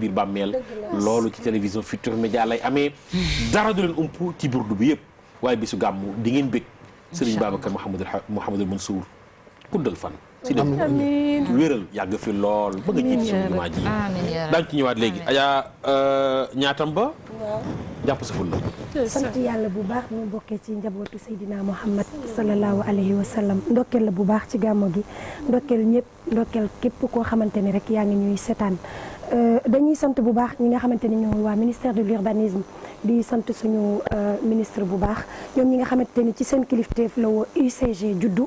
biir bàmmeel loolu ci télévision Futurs Médias lay amee dara du leen ump ci burdu bi yëpp waaye bisu gàmmu di ngeen bég Serigne Babacar Mouhamadul Mouhamadul Mansour guddal fan si dem wéral yàgg fi lool ba nga jiit suñu jumaa ji daañ ci ñëwaat léegi ajaa euh, ñaatam ba jàpp sa ful la sant yàlla bu baax ñu bokkee ci njabootu Seydina Muhammad sallallahu alayhi wa sallam ndokkeel la bu baax ci gàmmu gi ndokkeel ñëpp ndokkeel képp koo xamante ni rek yaa ngi ñuy setaan Euh, dañuy sant bu baax ñi nga xamante ni ñoo waa ministère de l'urbanisme di sant suñu euh, ministre bu baax ñoom ñi nga xamante ni ci seen kilifteef la woo UCG juddu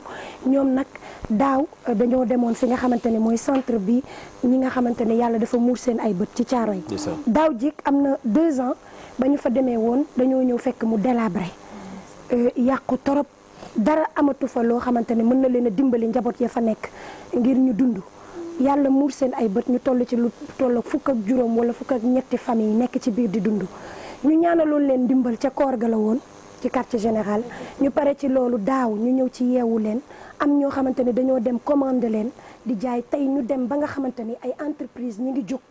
ñoom nag daaw euh, dañoo demoon fi nga xamante ne mooy centre bi ñi nga xamante ne yàlla dafa muur seen ay bët ci caaro yi daaw jik am na deux ans ba ñu fa demee woon dañoo ñëw fekk mu délabré yàqu torop dara amatu fa loo xamante ne mën na leen a dimbali njaboot ya fa nekk ngir ñu dund yàlla muur seen ay bët ñu toll ci lu toll fukk ak juróom wala fukk ak ñetti famille nekk ci biir di dund ñu ñaanaloon leen dimbal ca koor ga la woon ci quartier général ñu pare ci loolu daaw ñu ñëw ci yeewu leen am ñoo xamante ne dañoo dem commande leen di jaay tey ñu dem ba nga xamante ni ay entreprise ñu ngi jóg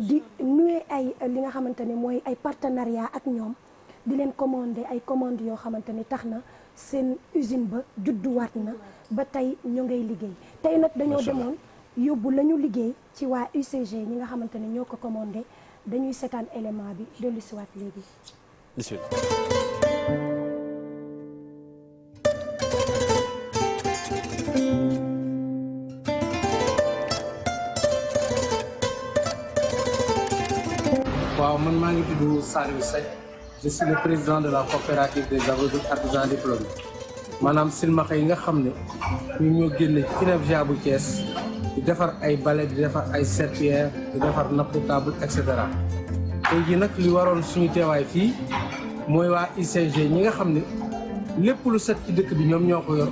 di nuye ay li nga xamante ni mooy ay partenariat ak ñoom di leen commandé ay commande yoo xamante ni tax na seen usine ba judduwaat na ba tey ñu ngay liggéey tey yóbbu la liggéey ci waa UCG ñi nga xamante ne ñoo ko commandé dañuy seetaan élément bi dellu si waat léegi. waaw man maa ngi tudd Saliou Seck je suis le président de la coopérative des aveugles artisans diplômés maanaam silmaxa yi nga xam ne ñu ñoo génn ci INEFJA bu Thiès. di defar ay balai di defar ay serpillère di defar napp table et cetera tey jii nag li waroon suñu teewaay fii mooy waa UCG ñi nga xam ne lépp lu set ci dëkk bi ñoom ñoo ko yor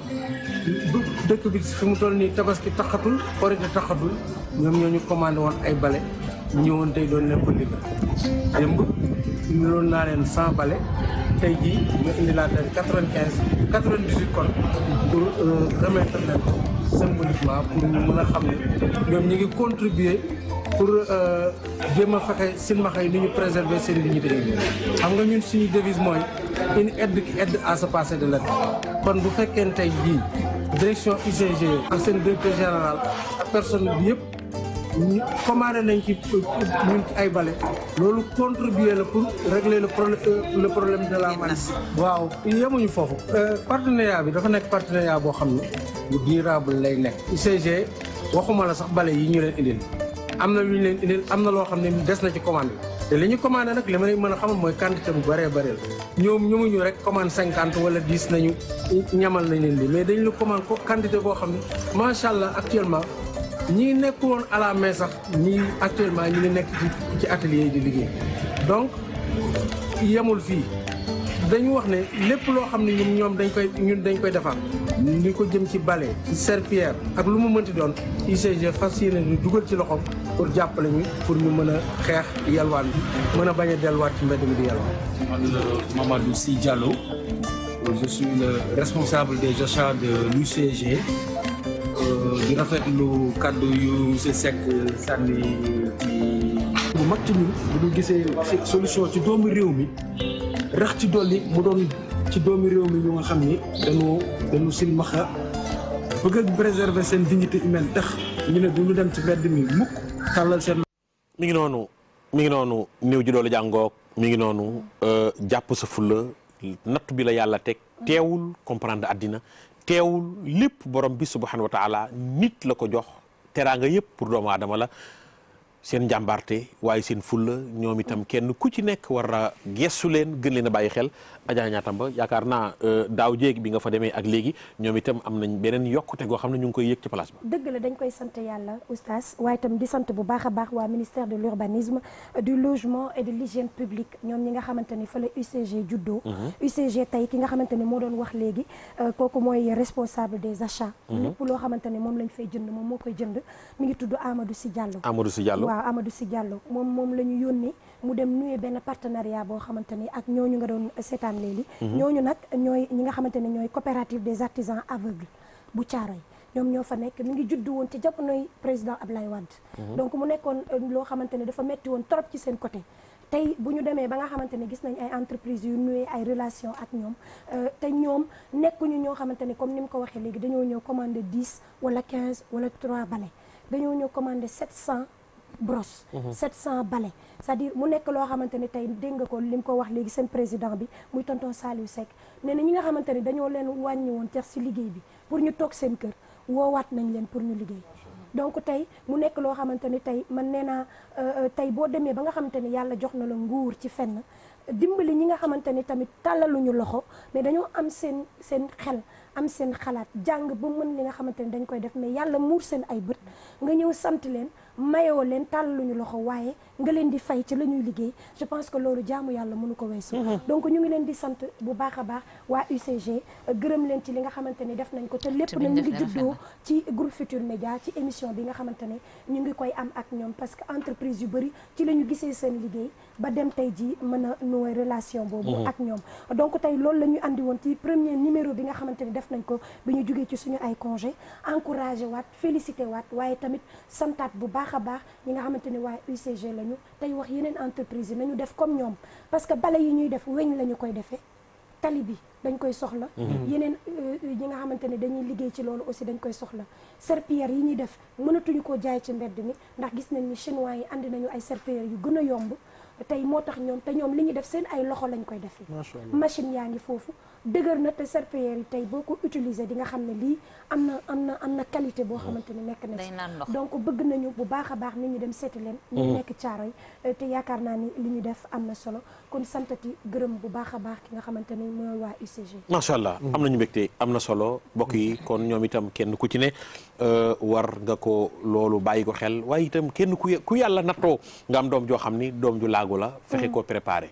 dëkk bi fi mu toll nii tabaski taxatul korite taxatul ñoom ñoo ñu commandé woon ay bale ñëwoon tey doon leen ko liggéey démb indiloon naa leen cent bale tey jii nga indi laa leen quatre kon pour euh, remettre leen ko symboliquement pour ñu a xam ne ñoom ñu ngi contribuer pour euh, jéem a fexe silmaxa yi ni ñu préserver seen dignité xam nga ñun suñu devise mooy une aide qui aide à se passer de l'aide kon bu fekkee ntey jii direction UCG ak seen directeur général ak personne bi yëpp commandé nañ ci ñun ay bale loolu contribuer la pour régler le euh, le problème de la manne waaw yemuñu foofu euh, partenariat bi dafa nekk partenariat boo xam ne bu durable lay nekk UCG waxuma la sax bale yi ñu leen indil am na lu ñu leen indil am na loo xam ne des na ci commande bi te li ñu commandé nag li ma mën a xamal mooy quantité bu bëree bëri la ñoom ñëmuñu rek commande cinquante wala dix nañu ñamal nañ leen li mais dañ la commande ko quantité boo xam ne macha allah actuellement ñi nekkul woon à la sax ñi actuellement ñi ngi nekk ci ci atelier yi di liggéey donc yemul fii dañu wax ne lépp loo xam ne ñun ñoom dañ koy ñun dañ koy defar li ko jëm ci bale ci serpillère ak lu mu mënti doon UCG fas yéene ñu dugal ci loxo pour jàppale ñu pour ñu mën a xeex yalwaan bi mën a bañ a delluwaat ci mbedd mi di yalwaan. man la euh, Mamadou Sy Diallo je responsable des achats de l'UCG di lu kàddu yu monsieur Seck sànni ci bu mag ci ñun bu ñu gisee solution ci doomu réew mi rax ci dolli mu doon ci doomu réew mi ñu nga xam ni dañu dañu silmaxa bëgg a préserver seen dignité humaine tax ñu ne du ñu dem ci mbedd mi mukk tàllal seen mi ngi noonu mi ngi noonu néew ji doole jàngoog mi ngi noonu euh, jàpp sa fulla nattu bi la yàlla teg teewul comprendre àddina teewul lépp borom bi subhanahu wa taala nit la ko jox teraanga yëpp pour doomu aadama la seen njàmbaarte waaye seen fulla ñoom itam kenn ku ci nekk war a gestu leen gën leen a bàyyi xel Adja Ñaatamba yaakaar naa euh, daaw jéeg bi nga fa demee ak léegi ñoom itam am nañ beneen yokkute goo xam ne ñu ngi koy yëg ci place ba dañ koy sant yàlla oustaz waaye itam di sant bu baax a baax waa ministère de l'urbanisme du logement et de l'hygiène publique ñoom ñi nga xamante ni fa la UCG juddoo mhm. UCG tey ki nga xamante ni moo doon wax léegi euh, kooku mooy responsable des achats mhm. lépp loo xamante ni moom lañ fay jënd moom moo koy jënd mu ngi tudd Amadou si Diallo Amadou Sy Diallo waaw Amadou si Diallo moom moom la ñu yónni mu dem nuyee benn partenariat boo xamante ni ak ñooñu nga doon seetaan léegi. Mhm. ñooñu nag ñooy ñi nga xamante ne ñooy coopérative des artisans aveugles bu caaro Thiaroye ñoom ñoo fa nekk mi ngi judd woon ci jamonoy président Ablaye Wade. Mhm. donc mu nekkoon euh, loo xamante ne dafa metti woon trop ci seen côté. tey bu ñu demee ba nga xamante ne gis nañ ay entreprise yu nuyee ay relation ak ñoom euh, te ñoom nekkuñu ñoo xamante ne comme ni mu ko waxee léegi dañoo ñëw commandé 10 wala 15 wala 3 bale dañoo ñëw commandé 700. brosse. 700 balais cest sa dire mu nekk loo xamante ne tey dégg nga ko li mu ko wax léegi seen président bi muy tonton Saliou Seck nee na ñi nga xamante ne dañoo leen wàññi woon ca si liggéey bi pour ñu toog seen kër woowaat nañ leen pour ñu liggéey. donc tey mu nekk loo xamante ni tey man nee naa euh, euh, tey boo demee ba nga xamante ni yàlla jox na la nguur ci fenn dimbali ñi nga xamante ni tamit tàllaluñu loxo mais dañoo am seen seen xel. am seen xalaat jàng ba mën li nga xamante ne dañ koy def mais yàlla muur seen ay bët nga ñëw sant leen mayoo leen tàlluñu loxo waaye nga leen di fay ci la ñuy liggéey je pense que loolu jaamu yàlla mënu ko weesu mm-hmm. donc ñu ngi leen di sant bu baax a baax waa UCG gërëm leen ci li nga xamante ne def nañ ko te lépp na ñu ngi juddoo ci groupe Futur Média ci émission bi nga xamante ne ñu ngi koy am ak ñoom parce que entreprise yu bëri ci la ñu gisee seen liggéey ba dem tey ji mën a nouer relation boobu mm-hmm. ak ñoom donc tey loolu bi nga xamante ne def nañ ko bi ñu jugee ci suñu ay congé encouragé waat félicité waat waaye tamit santaat bu baax a baax ñi nga xamante ne waaye UCG lañu tey wax yeneen entreprise yi nañu def comme ñoom parce que bale yi ñuy def weñ la ñu koy defee tali bi dañ koy soxla mhm. yeneen euh, euh, ñi nga xamante ne dañuy liggéey ci loolu aussi dañ koy soxla serpillère yi ñuy def mënatuñu koo jaay ci mbedd mi ndax gis nañ ni chinois yi andi nañu ay serpillère yu gën a yomb tey moo tax ñoom te ñoom li ñu def seen ay loxo lañ koy defee machine yaa ngi foofu dëgër na te serpillière yi tey boo ko utiliser di nga xam ne lii am na am na am na qualité boo xamante ni nekk na ci donc bëgg nañu bu baax a baax nit ñi dem seeti leen mm-hmm. ñu nekk caaro yi te yaakaar naa ni li ñu def am na solo kon santati gërëm bu baax a baax ki nga xamante ni mooy waa UCG macha allah mm-hmm. am nañu mbégte am na solo mbokk yi mm-hmm. kon ñoom itam kenn ku ci ne euh, war nga ko loolu bàyyi ko xel waaye itam kenn ku ku yàlla nattoo nga am doom joo xam ni doom ju laagu la fexe ko préparé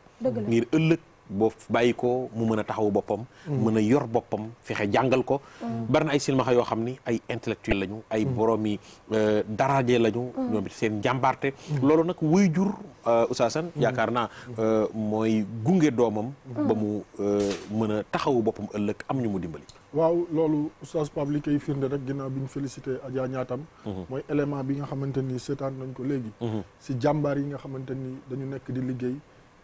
ngir ëllëg boo bàyyi ko mu mën a taxawu boppam. mën a yor boppam fexe jàngal ko. bari na ay silmaxa yoo xam ni ay intellectuel lañu. ay borom yi euh, daraaje lañu. ñoom it seen jàmbaarte. loolu nag wuy jur euh, Ousaasan yaakaar naa euh, mooy gunge doomam. ba mu mën a taxawu mu dimbali. waaw loolu Oustaz Pape li firnde rek ginnaaw bi ñu félicité Adja ñaatam mhm. mooy élément bi nga xamante ni seetaan nañ ko léegi. Mhm. si jàmbaar yi nga xamante dañu nekk di liggéey.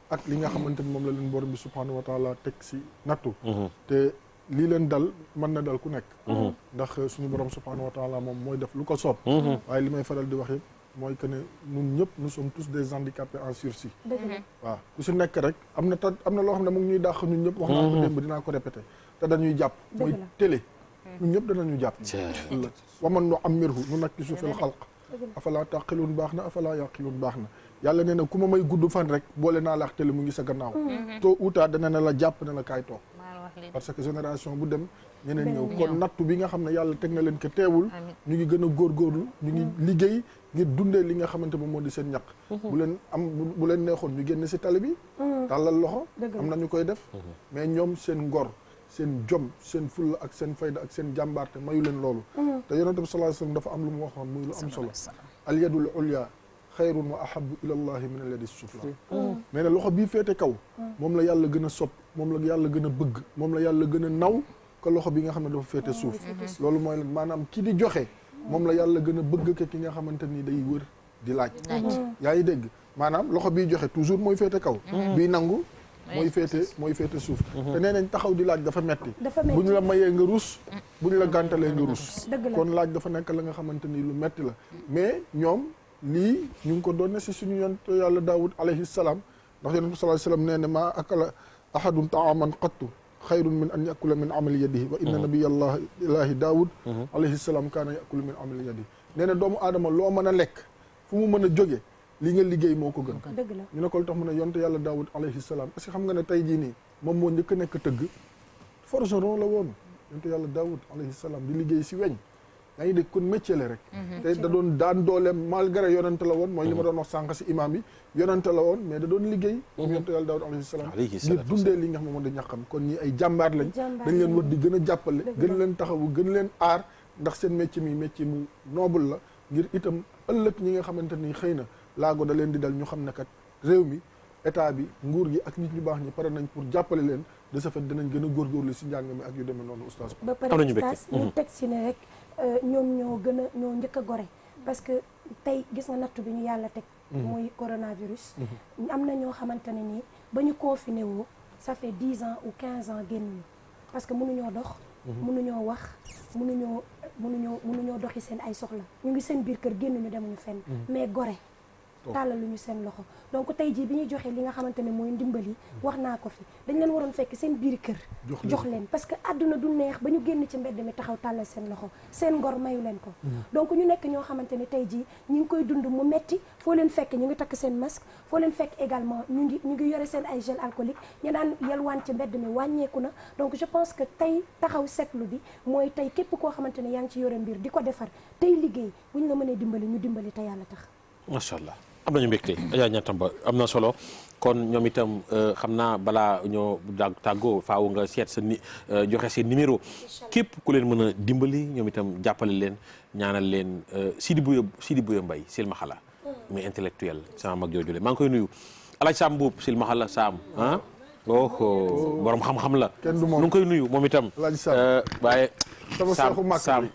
ak li nga xamante ni moom la leen borom bi subhaanahu wa taala teg si nattu mhm. te lii leen dal mën na dal ku nekk mhm. ndax suñu borom subhaanahu wa taala moom mooy def lu ko soob mhm. waaye li may faral di wax yëpp mooy que ne ñun ñëpp nous sommes tous des handicapés en sursis waaw ku si nekk rek am na ta am na loo xam ne mu ngi ñuy dàq ñun ñëpp wax naa ko démb dinaa ko répété te dañuy jàpp mooy télé ñun ñëpp danañu jàpp waman nu amirhu nu nakkisu fil xalq afala taqiluun baax na afala yaqiluun baax na yàlla nee na ku ma may gudd fan rek boole naa la télé mu ngi sa gannaaw. Mhm. tôt ou dana ne la jàpp ne la kaay toog. parce que génération bu dem. ñeneen ñëw kon nattu bi nga xam ne yàlla teg na leen ko teewul. ñu ngi gën a góorlu ñu ngi mhm. liggéey ngir dundee li nga xamante moom moo di seen ñaq. Mhm. bu leen am bu leen neexoon ñu génn si tali bi. tàllal loxo. am na ñu koy def. mais ñoom seen ngor seen jom seen fulla ak seen fayda ak seen jàmbaarte mayu leen loolu. te yonent bi sallallahu lu mu waxoon muy lu am solo. al yadul ulya xayrun wa ahabu ila allahi min alladi sufla nee ah. hmm. na loxo bii féete kaw hmm. moom la yàlla gën a sob moom la yàlla gën a bëgg moom la yàlla gën a naw que loxo bi nga xam ne dafa féete hmm. suuf loolu mooy maanaam ki di joxe moom la yàlla gën a bëgg ke ki nga xamante ni day wër di laaj yaa ngi dégg maanaam loxo biy joxe toujours mooy féete kaw bii nangu mooy féete mooy féete suuf te nee nañ taxaw di laaj dafa metti bu ñu la mayee nga rus bu ñu la gàntalee nga rus kon laaj dafa nekk la nga xamante ni lu metti la mais ñoom lii ñu ngi ko doon ne si suñu yonent yàlla daawud alayhi salaam ndax yonent bi sallallahu alayhi wasallam nee na maa akala ahadun taaman qattu xayrun min an yakula min amali yadihi wa inna mhm. nabiyallah ilaahi daawud mhm. alayhi salaam kaana yakulu min amali yadihi nee na doomu aadama loo mën a lekk fu mu mën a jóge li nga liggéey moo ko gën ñu ne ko lu tax mu ne yàlla daawud alayhi salaam est-ce que xam nga ne tey jii nii moom moo njëkk nekk tëgg forgeron la woon yonent yàlla daawud alayhi salaam di liggéey si weñ da ngay dégg kon métier la rek mhm. te da doon daan doole malgré yonante la woon mooy li ma mhm. doon wax sànq si imaam yi yonante la woon mais da doon liggéey moom yonante yàlla daawud alayhi salaam ngir dundee li nga xam ne moom da ñàkkam kon ñi ay jàmbaar lañ dañ leen war di gën a jàppale gën leen taxawu gën leen aar ndax seen métier mi métier mu noble la ngir itam ëllëg ñi nga xamante ni xëy na laago da leen di dal ñu xam ne kat réew mi état bi nguur gi ak nit ñu baax ñi pare nañ pour jàppale leen de ce fait dinañ gën a góorgóorlu si njàng mi ak yu demee noonu oustaz ba pare oustaz ñu mhm. teg si ne rek euh, ñoom ñoo gën a ñoo njëkk a gore parce que tey gis nga nattu bi ñu yàlla teg mhm. muy coronavirus mhm. am na ñoo xamante ne nii ba ñu confiné woo sa fait dix ans ou quinze ans génn parce que mënuñoo dox ñoo wax mënuñoo nu ñoo doxi seen ay soxla ñu ngi seen biir kër génn ñu demuñu fenn mais gore lu ñu seen loxo donc tey jii bi ñuy joxe li nga xamante ne mooy ndimbali wax naa ko fi dañ leen waroon fekk seen biir kër jox leen parce que àdduna du neex ba ñu génn ci mbedd mi taxaw tàllal seen loxo seen ngor mayu leen ko mm. donc ñu nekk ñoo xamante ne tey jii ñu ngi koy dund mu metti foo leen fekk ñu ngi takk seen masque foo leen fekk également ñu ngi ñu ngi yore seen ay gel alcoolique ñu daan yelwaan ci mbedd mi wàññeeku na donc je pense que tey taxaw seetlu bi mooy tey képp koo xamante ne yaa ngi ci yore mbir di ko defar tey liggéey bu ñu la mënee dimbali ñu dimbali te yàlla tax macha allah am nañu mbégte Adja Ndiathamba am na solo kon ñoom itam euh, xam naa balaa ñoo da tàggoo faaw nga seet sa ni euh, joxe see numéro képp ku leen mën a dimbali ñoom itam jàppale leen ñaanal leen euh, Sidi Bouya bu Bouya Mbaye Silmaxala mais hmm. intellectuel sama mag jooju maa ngi koy nuyu Alaaji Saam Mbuub Silmaxala Saam ah oh borom xam-xam la nu koy nuyu moom itam waaye Saam Saam